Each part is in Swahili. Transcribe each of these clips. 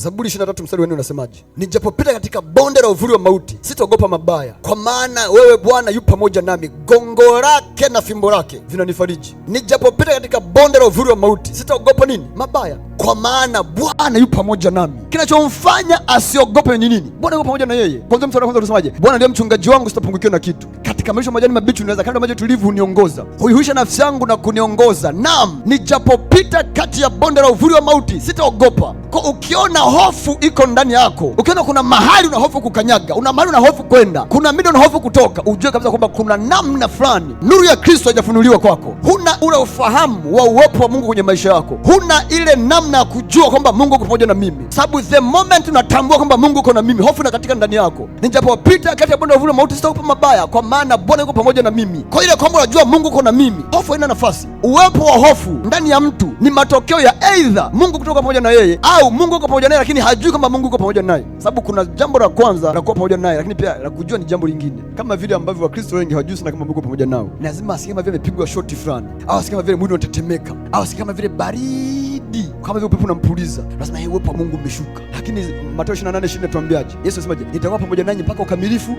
Zaburi 23 mstari wa unasemaje? Nijapopita katika bonde la uvuli wa mauti, sitaogopa mabaya, kwa maana wewe Bwana yu pamoja nami, gongo lake na fimbo lake vinanifariji. Nijapopita katika bonde la uvuli wa mauti, sitaogopa nini? Mabaya kwa maana Bwana yu pamoja nami. Kinachomfanya asiogope ni nini? Bwana yu pamoja na yeye. Kwanza mstari wa kwanza unasemaje? Bwana ndiye mchungaji wangu, sitapungukiwa na kitu. Katika malisho majani mabichi unaweza, kando maji tulivu huniongoza, huihuisha nafsi yangu na kuniongoza. Naam, nijapopita kati ya bonde la uvuli wa mauti sitaogopa. Kwa ukiona hofu iko ndani yako, ukiona kuna mahali una hofu kukanyaga, una mahali una hofu kwenda, kuna mida una hofu kutoka, ujue kabisa kwamba kuna namna fulani nuru ya Kristo haijafunuliwa kwako. Huna ule ufahamu wa uwepo wa Mungu kwenye maisha yako, huna ile namna namna ya kujua kwamba Mungu uko pamoja na mimi, sababu the moment unatambua kwamba Mungu uko na mimi, hofu inakatika ndani yako. Nijapopita kati ya bonde la uvuli mauti, sitaogopa mabaya, kwa maana Bwana yuko pamoja na mimi. Kwa ile kwamba unajua Mungu uko na mimi, hofu haina nafasi. Uwepo wa hofu ndani ya mtu ni matokeo ya aidha Mungu kutoka pamoja na yeye au Mungu uko pamoja naye, lakini hajui kama Mungu uko pamoja naye, sababu kuna jambo la kwanza la kuwa pamoja naye, lakini pia la kujua ni jambo lingine, kama vile ambavyo Wakristo wengi hawajui sana kama Mungu uko pamoja nao. Lazima asikie kama vile amepigwa shoti fulani, au asikie kama vile mwili unatetemeka, au asikie kama vile baridi bidii, kama vile upepo unampuliza, lazima hiyo uwepo wa Mungu umeshuka. Lakini Mathayo 28:24 tuambiaje? Yesu anasemaje? Nitakuwa pamoja nanyi mpaka ukamilifu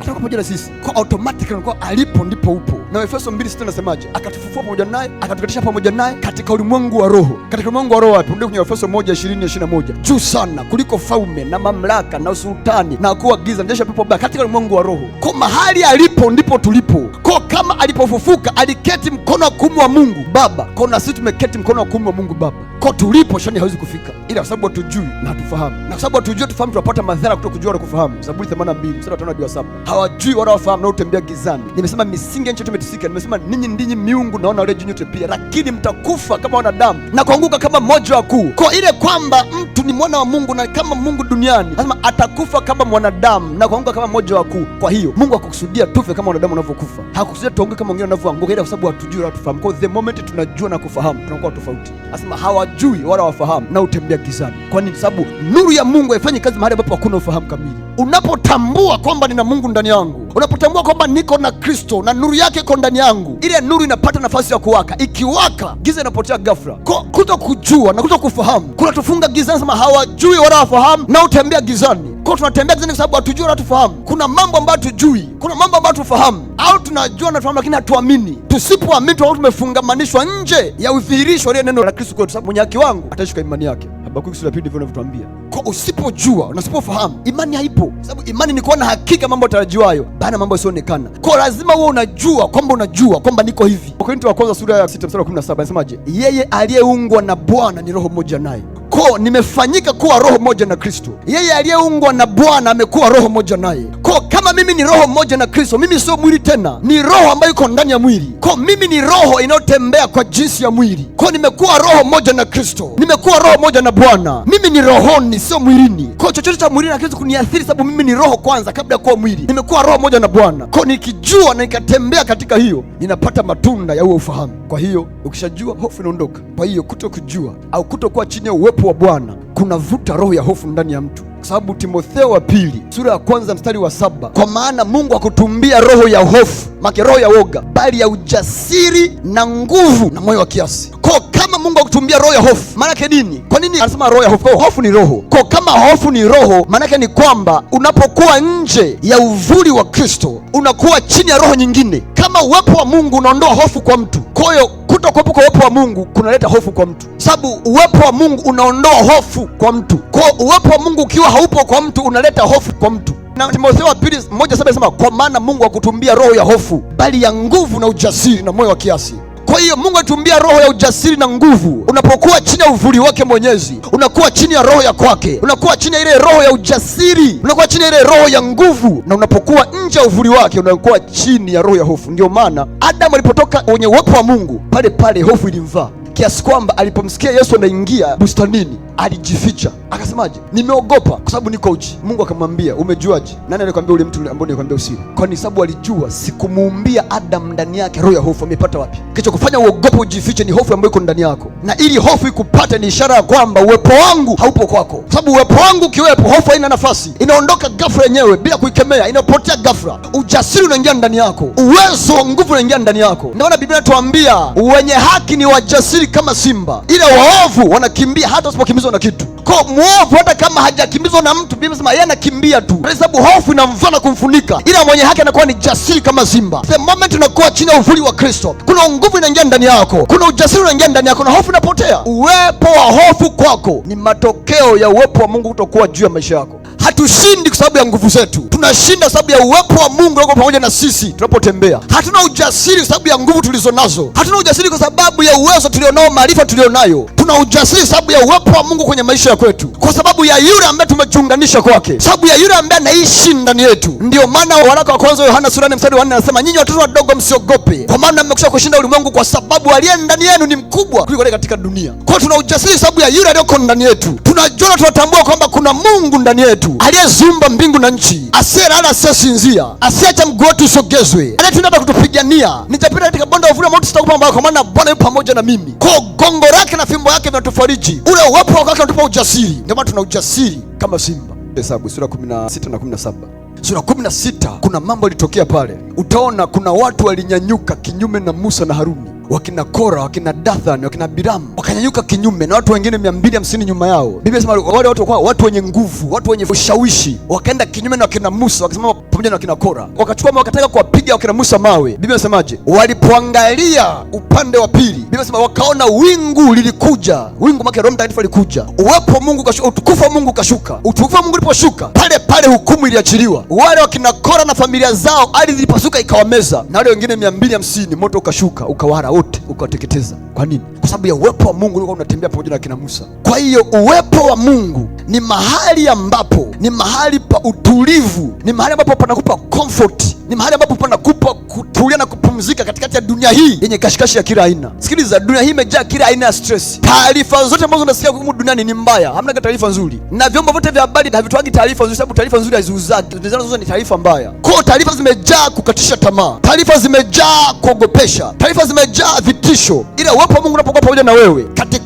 atakuwa pamoja na sisi kwa automatically, kwa alipo ndipo upo. Na Efeso 2:6 inasemaje? Akatufufua pamoja naye, akatuketisha pamoja naye katika ulimwengu wa roho. Katika ulimwengu wa roho wapi? Ndio kwenye Efeso 1:20-21, juu sana kuliko falme na mamlaka na usultani na kuwa giza na jeshi la pepo baya, katika ulimwengu wa roho. Kwa mahali alipo ndipo tulipo. Kwa kama alipofufuka aliketi mkono wa kuume wa Mungu Baba, kwa na sisi tumeketi mkono wa kuume wa Mungu Baba. Ko tulipo shani hawezi kufika, ila kwa sababu hatujui na hatufahamu, na kwa sababu hatujui tufahamu, tunapata madhara kutoka kujua na kufahamu. Zaburi 82 mstari wa 5 hadi 7. Hawajui wala wafahamu, na utembea gizani. Nimesema misingi ya nchi tumetisika, nimesema ninyi ndinyi miungu naona wale juu nyote pia, lakini mtakufa kama wanadamu na kuanguka kama mmoja wakuu. Kwa ile kwamba mtu ni mwana wa Mungu na kama Mungu duniani, lazima atakufa kama mwanadamu na kuanguka kama mmoja wakuu. Kwa hiyo Mungu hakukusudia tufe kama wanadamu wanavyokufa, hakukusudia tuongee kama wengine wanavyoanguka, ila kwa sababu hatujui wala tufahamu. Kwa the moment tunajua na kufahamu, tunakuwa tofauti. Anasema hawa hawajui wala wafahamu, na utembea gizani. Kwa nini? Sababu nuru ya Mungu haifanyi kazi mahali ambapo hakuna ufahamu kamili. Unapotambua kwamba nina Mungu ndani yangu, unapotambua kwamba niko na Kristo na nuru yake iko ndani yangu, ile nuru inapata nafasi ya kuwaka. Ikiwaka, giza inapotea ghafla. Kuto kujua na kuto kufahamu kunatufunga gizani, sema hawajui wala wafahamu, na utembea gizani kwa tunatembea kizani kwa sababu hatujui wala tufahamu. Kuna mambo ambayo hatujui, kuna mambo ambayo tufahamu au tunajua na tufahamu, lakini hatuamini. Tusipoamini tunakuwa tumefungamanishwa nje ya udhihirisho aliye neno la Kristo kwetu, sababu mwenye haki wangu ataishi kwa imani yake. Habakuki sura ya pili ndivyo inavyotuambia. Kwa usipojua na usipofahamu, imani haipo, sababu imani ni kuona hakika mambo yatarajiwayo, bana mambo yasioonekana. Kwa lazima huwe unajua kwamba unajua kwamba niko hivi. Wakorintho wa kwanza sura ya 6 mstari wa 17 anasemaje? Yeye aliyeungwa na Bwana ni roho moja naye ko nimefanyika kuwa roho moja na Kristo. Yeye aliyeungwa na Bwana amekuwa roho moja naye. Ko kama mimi ni roho moja na Kristo, mimi sio mwili tena, ni roho ambayo iko ndani ya mwili. Ko mimi ni roho inayotembea kwa jinsi ya mwili. Ko nimekuwa roho moja na Kristo, nimekuwa roho moja na Bwana. Mimi ni rohoni, sio mwilini. Ko chochote cha mwilini hakiwezi kuniathiri, sababu mimi ni roho kwanza kabla ya kuwa mwili. Nimekuwa roho moja na Bwana. Ko nikijua na nikatembea katika hiyo, ninapata matunda ya huo ufahamu. Kwa hiyo ukishajua, hofu inaondoka. Kwa hiyo kutokujua au kutokuwa chini ya uwepo uwepo wa Bwana kunavuta roho ya hofu ndani ya mtu, kwa sababu Timotheo wa pili sura ya kwanza mstari wa saba kwa maana Mungu akutumbia roho ya hofu make roho ya woga, bali ya ujasiri na nguvu na moyo wa kiasi. Kwa kama Mungu akutumbia roho ya hofu, maanake nini? Kwa nini anasema roho ya hofu? Kwa hofu ni roho. Kwa kama hofu ni roho, maanake ni kwamba unapokuwa nje ya uvuli wa Kristo unakuwa chini ya roho nyingine. Kama uwepo wa Mungu unaondoa hofu kwa mtu, kwa hiyo kutokuwepo kwa uwepo wa Mungu kunaleta hofu kwa mtu, sababu uwepo wa Mungu unaondoa hofu kwa mtu. Kwa uwepo wa Mungu ukiwa haupo kwa mtu unaleta hofu kwa mtu na Timotheo wa pili moja saba inasema, kwa maana Mungu hakutumbia roho ya hofu, bali ya nguvu na ujasiri na moyo wa kiasi. Kwa hiyo Mungu alitumbia roho ya ujasiri na nguvu. Unapokuwa chini ya uvuli wake Mwenyezi, unakuwa chini ya roho ya kwake, unakuwa chini ya ile roho ya ujasiri, unakuwa chini ya ile roho ya nguvu, na unapokuwa nje ya uvuli wake, unakuwa chini ya roho ya hofu. ndio maana Adamu alipotoka kwenye uwepo wa Mungu, pale pale hofu ilimvaa kiasi kwamba alipomsikia Yesu anaingia bustanini alijificha, akasemaje? Nimeogopa kwa sababu niko uchi. Mungu akamwambia umejuaje? Nani alikwambia ule mtu ambaye nilikwambia usiri? Kwani sababu alijua sikumuumbia Adamu ndani yake roho ya hofu. Amepata wapi? kufanya uogope ujifiche ni hofu ambayo iko ndani yako, na ili hofu ikupate ni ishara ya kwamba uwepo wangu haupo kwako, kwa sababu uwepo wangu ukiwepo, hofu haina nafasi, inaondoka ghafla yenyewe bila kuikemea, inapotea ghafla. Ujasiri unaingia ndani yako, uwezo wa nguvu unaingia ndani yako. Ndio maana Biblia inatuambia wenye haki ni wajasiri wanakimbili kama simba, ila waovu wanakimbia hata usipokimbizwa na kitu. Kwa mwovu hata kama hajakimbizwa na mtu, Biblia inasema yeye anakimbia tu, kwa sababu hofu inamvua na kumfunika, ila mwenye haki anakuwa ni jasiri kama simba. The moment unakuwa chini ya uvuli wa Kristo, kuna nguvu inaingia ndani yako, kuna ujasiri unaingia ndani yako, na hofu inapotea. Uwepo wa hofu kwako ni matokeo ya uwepo wa Mungu kutokuwa juu ya maisha yako. Hatushindi kwa sababu ya nguvu zetu, tunashinda kwa sababu ya uwepo wa Mungu yuko pamoja na sisi tunapotembea. Hatuna ujasiri kwa sababu ya nguvu tulizo nazo, hatuna ujasiri kwa sababu ya uwezo tulionao, maarifa tulionayo tuna ujasiri sababu ya uwepo wa Mungu kwenye maisha ya kwetu, kwa sababu ya yule ambaye tumejiunganisha kwake, sababu ya yule ambaye anaishi ndani yetu. Ndiyo maana waraka wa kwanza Yohana sura ya mstari wa anasema, nyinyi watoto wadogo, msiogope, kwa maana mmekwisha kushinda ulimwengu, kwa sababu aliye ndani yenu ni mkubwa kuliko katika dunia. Kwa tuna ujasiri sababu ya yule aliyoko ndani yetu, tunajua tunatambua kwamba kuna Mungu ndani yetu aliyezumba mbingu na nchi asiyelala asiyesinzia, asiacha mguu wetu usogezwe, anayetenda hata kutupigania. Nitapita katika bonde la uvuli wa mauti, sitaogopa mabaya, kwa maana Bwana yupo pamoja na mimi. Kwa gongo lake na fimbo yake vinatufariji, ule uwepo wake unatupa ujasiri. Ndio maana tuna ujasiri kama simba. Hesabu sura 16 na 17 sura 16 kuna mambo yalitokea pale, utaona kuna watu walinyanyuka kinyume na Musa na Haruni wakina Kora, wakina Dathan, wakina Biramu wakanyanyuka kinyume na watu wengine mia mbili hamsini nyuma yao. Biblia inasema wale watu kwa watu wenye nguvu, watu wenye ushawishi wakaenda kinyume na wakina Musa, wakasimama pamoja na wakina Kora, wakachukua wakataka kuwapiga wakina Musa mawe. Biblia inasemaje? Walipoangalia upande wa pili, Biblia inasema wakaona wingu lilikuja, wingu mwake Roho Mtakatifu alikuja, uwepo Mungu kashuka, utukufu wa Mungu kashuka. Utukufu wa Mungu uliposhuka pale pale hukumu iliachiliwa, wale wakina Kora na familia zao, ardhi ilipasuka ikawameza, na wale wengine mia mbili hamsini moto ukashuka ukawara wote ukawateketeza. Kwa nini? Kwa sababu ya uwepo wa Mungu ulikuwa unatembea pamoja na kina Musa. Kwa hiyo uwepo wa Mungu ni mahali ambapo ni mahali pa utulivu, ni mahali ambapo panakupa comfort, ni mahali ambapo panakupa kutulia na kupumzika katikati ya dunia hii yenye kashikashi ya kila aina. Sikiliza, dunia hii imejaa kila aina ya stress. Taarifa zote ambazo unasikia humu duniani ni mbaya, hamna taarifa nzuri, na vyombo vyote vya habari havitoagi taarifa nzuri, sababu taarifa nzuri haziuzaki, zote ni taarifa mbaya. Kwa taarifa zimejaa kukatisha tamaa, taarifa zimejaa kuogopesha, taarifa zimejaa vitisho, ila uwepo wa Mungu unapokuwa pamoja na wewe katika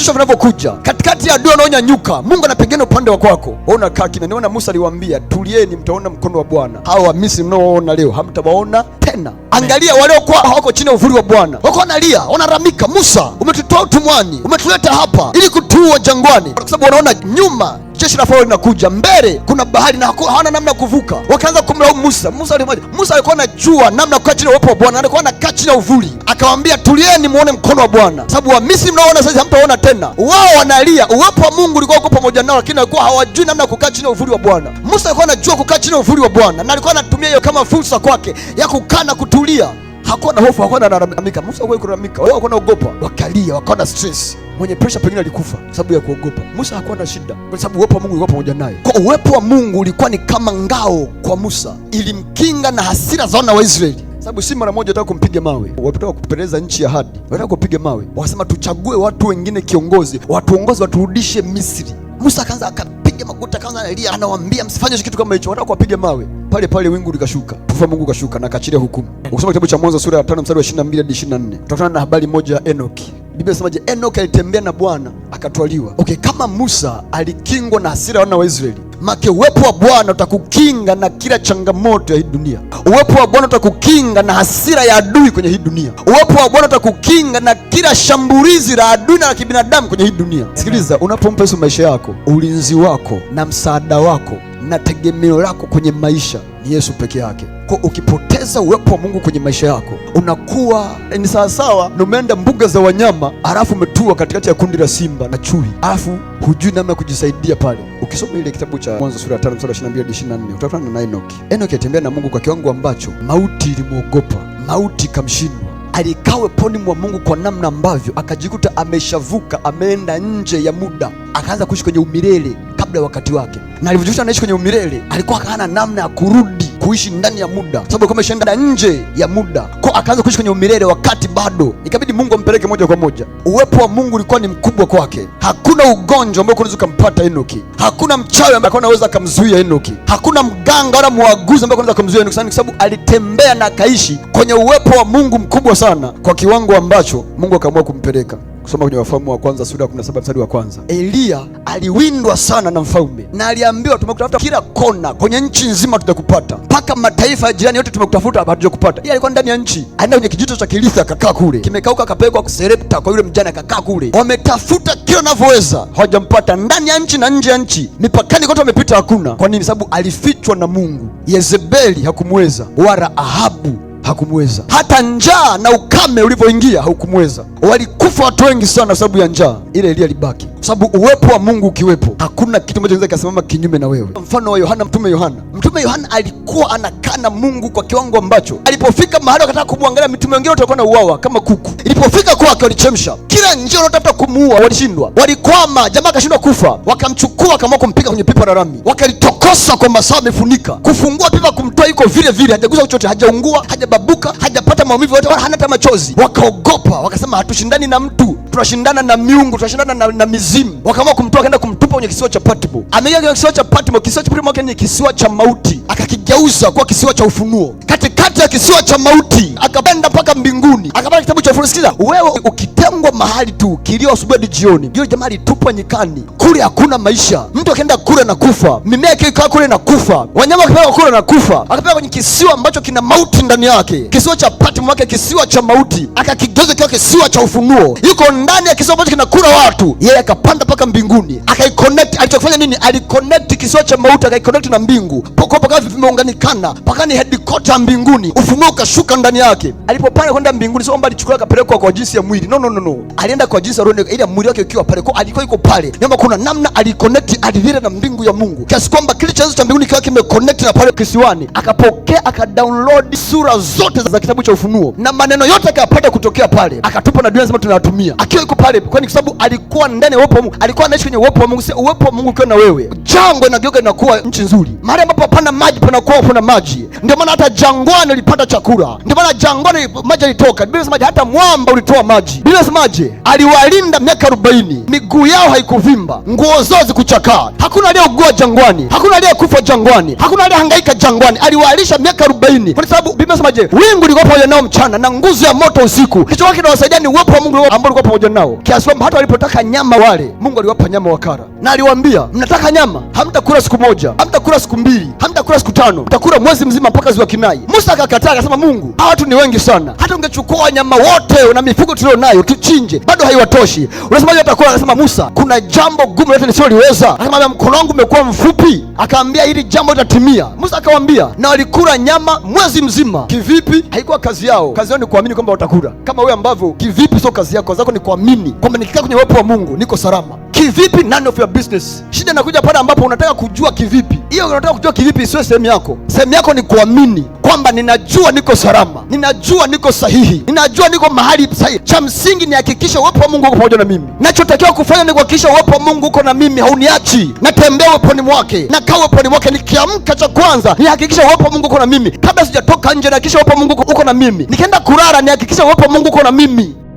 vitisho vinavyokuja katikati ya adui nyuka Mungu anapigana upande wa kwako. Wewe unakaa kimya. Niona Musa aliwaambia, tulieni, mtaona mkono wa Bwana. Hao Misri mnaoona leo hamtawaona tena. Angalia waliokuwa hawako chini ya uvuli wa Bwana, wako wanalia, wanaramika, Musa, umetutoa utumwani, umetuleta hapa ili kutuua jangwani, kwa sababu wanaona nyuma jeshi la Farao linakuja mbele, kuna bahari na hawana namna ya kuvuka. Wakaanza kumlaumu Musa. Musa alimwambia, Musa alikuwa anajua namna ya kukaa chini ya uwepo wa Bwana, alikuwa anakaa chini ya uvuli. Akawaambia, tulieni muone mkono wa Bwana, sababu Wamisri mnaoona sasa hamtaona tena. Wao wanalia, uwepo wa Mungu ulikuwa uko pamoja nao, lakini walikuwa hawajui namna ya kukaa chini ya uvuli wa Bwana. Musa alikuwa anajua kukaa chini ya uvuli wa Bwana na alikuwa anatumia hiyo kama fursa kwake ya kukaa na kutulia. Hakuwa na hofu, hakuwa analalamika. Musa hakuwa analalamika, wao hakuwa wanaogopa, wakalia, wakawa na stress mwenye presha pengine alikufa kwa sababu ya kuogopa. Musa hakuwa na shida kwa sababu uwepo wa Mungu ulikuwa pamoja naye. Kwa uwepo wa Mungu ulikuwa ni kama ngao kwa Musa, ilimkinga na hasira za wana wa Israeli sababu si mara moja wataka kumpiga mawe, wataka kupeleza nchi ya hadi, wataka kupiga mawe, wakasema tuchague watu wengine kiongozi, watuongozi, waturudishe Misri. Musa akaanza akapiga magoti, akaanza analia, anawaambia msifanye kitu kama hicho, wataka kuwapiga mawe. Pale pale wingu likashuka, kufa Mungu kashuka na akachilia hukumu. Ukisoma kitabu cha Mwanzo sura ya 5 mstari wa 22 hadi 24, tutakutana na habari moja ya Enoki. Biblia je, Enoki alitembea na Bwana akatwaliwa. Okay, kama Musa alikingwa na hasira wana wa Israeli, make uwepo wa Bwana utakukinga na kila changamoto ya hii dunia. Uwepo wa Bwana utakukinga na hasira ya adui kwenye hii dunia. Uwepo wa Bwana utakukinga na kila shambulizi la adui na la kibinadamu kwenye hii dunia. Sikiliza, unapompa Yesu maisha yako, ulinzi wako na msaada wako na tegemeo lako kwenye maisha ni Yesu peke yake. Kwa ukipoteza uwepo wa Mungu kwenye maisha yako, unakuwa e, ni sawasawa na umeenda mbuga za wanyama, alafu umetua katikati ya kundi la simba na chui, alafu hujui namna ya kujisaidia pale. Ukisoma ile kitabu cha Mwanzo sura ya 5 mstari 22 hadi 24 utakutana na Enoki. Enoki atembea na Mungu kwa kiwango ambacho mauti ilimwogopa, mauti kamshindwa alikawe poni mwa Mungu kwa namna ambavyo akajikuta ameshavuka, ameenda nje ya muda, akaanza kuishi kwenye umilele kabla ya wakati wake, na alivyojikuta anaishi kwenye umilele, alikuwa hana namna ya kurudi kuishi ndani ya muda, sababu alikuwa ameshaenda nje ya muda, kwa akaanza kuishi kwenye umilele wakati bado, ikabidi Mungu ampeleke moja kwa moja. Uwepo wa Mungu ulikuwa ni mkubwa kwake. Hakuna ugonjwa ambao unaweza kumpata Enoki, hakuna mchawi ambaye anaweza akamzuia Enoki, hakuna mganga wala muaguzi ambaye anaweza kumzuia Enoki, kwa sababu alitembea na akaishi kwenye uwepo wa Mungu mkubwa sana, kwa kiwango ambacho Mungu akaamua kumpeleka. Soma kwenye Wafalme wa kwanza sura ya 17 mstari wa kwanza. Eliya aliwindwa sana na mfalme na aliambiwa, tumekutafuta kila kona, kwenye nchi nzima tutakupata, mpaka mataifa ya jirani yote tumekutafuta, hatujakupata. Yeye alikuwa ndani ya nchi, aenda kwenye kijito cha Kilitha, akakaa kule, kimekauka, akapelekwa serepta kwa yule mjane, akakaa kule. Wametafuta kila anavyoweza, hawajampata, ndani ya nchi na nje ya nchi, mipakani kote wamepita, hakuna. Kwa nini? Sababu alifichwa na Mungu. Yezebeli hakumweza wala Ahabu hakumweza. Hata njaa na ukame ulivyoingia haukumweza. Walikufa watu wengi sana sababu ya njaa, ile Elia alibaki sababu uwepo wa Mungu ukiwepo, hakuna kitu ambacho kinaweza kikasimama kinyume na wewe. Mfano wa Yohana, mtume Yohana, mtume Yohana alikuwa anakaa na Mungu kwa kiwango ambacho alipofika mahali wakataka kumwangalia, mitume wengine walikuwa na uwawa kama kuku. Ilipofika kwake walichemsha kila njia, wanaotafuta kumuua walishindwa, walikwama, jamaa akashindwa kufa, wakamchukua kama kumpiga kwenye pipa la rami, wakalitokosa kwa masaa amefunika, kufungua pipa kumtoa, iko vile vile, hajagusa chochote, hajaungua, hajababuka, hajapata maumivu yote, wala hana hata machozi. Wakaogopa, wakasema hatushindani na mtu, tunashindana na miungu, tunashindana na, na mizimu kuzimu, wakaamua kumtoa akaenda kumtupa kwenye kisiwa cha Patmo. Ameingia kwenye kisiwa cha Patmo. Kisiwa cha Patmo ni kisiwa cha mauti, akakigeuza kuwa kisiwa cha ufunuo. Katikati ya kisiwa cha mauti akapanda mpaka mbinguni duni. Akapata kitabu cha Ufunuo. Sikiza wewe, ukitengwa mahali tu, kilio asubuhi hadi jioni, hiyo jamaa alitupwa nyikani, kule hakuna maisha. Mtu akaenda kule na kufa, mimea yake ikikaa kule na kufa, wanyama wakipelekwa kule na kufa. Akapelekwa kwenye kisiwa ambacho kina mauti ndani yake, kisiwa cha Patmo wake, kisiwa cha mauti, akakigeuza kiwa kisiwa cha ufunuo. Yuko ndani ya kisiwa ambacho kinakula watu, yeye akapanda mpaka mbinguni, akaiconnect. Alichofanya nini? Aliconnect kisiwa cha mauti akaiconnect na mbingu, pokopo vimeunganikana, pakani headquarter mbinguni, ufunuo ukashuka ndani yake. Alipopanda kwenda mbinguni, sio kwamba alichukua akapelekwa kwa jinsi ya mwili. No, no, no, no, alienda kwa jinsi ya roho, ile mwili wake ukiwa pale, kwa alikuwa yuko pale nyama. Kuna namna aliconnect alivile na mbingu ya Mungu kiasi kwamba kile chanzo cha mbinguni kiwa kimeconnect na pale kisiwani, akapokea akadownload sura zote za kitabu cha Ufunuo na maneno yote akayapata kutokea pale, akatupa na dunia nzima tunayatumia akiwa yuko pale, kwani kwa sababu alikuwa ndani ya uwepo wa Mungu, alikuwa anaishi kwenye uwepo wa Mungu. Sio uwepo wa Mungu ukiwa na wewe, jangwa inageuka inakuwa nchi nzuri, mahali ambapo hapana maji panakuwa hapana maji. Ndio maana hata jangwani alipata chakula, ndio maana jangwani maji alitoa kutoka. Biblia inasemaje? Hata mwamba ulitoa maji. Biblia inasemaje? Aliwalinda miaka arobaini, miguu yao haikuvimba, nguo zao zikuchakaa. Hakuna aliyeugua jangwani, hakuna aliyekufa jangwani, hakuna aliyehangaika jangwani. Aliwalisha miaka arobaini kwa sababu Biblia inasemaje? Wingu liko pamoja nao mchana na nguzo ya moto usiku. Kicho Kilichokuwa kinawasaidia ni uwepo wa Mungu ambao ulikuwa pamoja nao, kiasi kwamba hata walipotaka nyama wale, Mungu aliwapa nyama wakara, na aliwaambia mnataka nyama, hamtakula siku moja, hamtakula siku mbili, hamtakula siku tano, mtakula mwezi mzima mpaka ziwa Kinai. Musa akakataa akasema, Mungu hawa watu ni wengi sana, hata ungechu tutachukua wanyama wote na mifugo tulionayo tuchinje, bado haiwatoshi. Unasema hiyo Watakuwa anasema Musa, kuna jambo gumu lote nisiyoliweza. Anasema mkono wangu umekuwa mfupi, akaambia hili jambo litatimia. Musa akamwambia, na walikula nyama mwezi mzima. Kivipi? haikuwa kazi yao. Kazi yao ni kuamini kwamba watakula, kama wewe ambavyo kivipi sio kazi yako. Kazi yako ni kuamini kwamba nikikaa kwenye uwepo wa Mungu niko salama. Kivipi? none of your business. Shida inakuja pale ambapo unataka kujua kivipi. Hiyo unataka kujua kivipi, sio sehemu yako. Sehemu yako ni kuamini kwamba ninajua niko salama, ninajua niko sahihi sahihi, ninajua niko mahali sahihi. Cha msingi ni hakikisha uwepo wa Mungu uko pamoja na mimi. Nachotakiwa kufanya ni kuhakikisha uwepo wa Mungu uko na mimi, hauniachi, natembea uweponi mwake, nakaa uweponi mwake. Nikiamka cha kwanza nihakikisha uwepo wa Mungu uko na mimi. Kabla sijatoka nje, nihakikisha uwepo wa Mungu uko na mimi. Nikienda kulala, nihakikisha uwepo wa Mungu uko na mimi.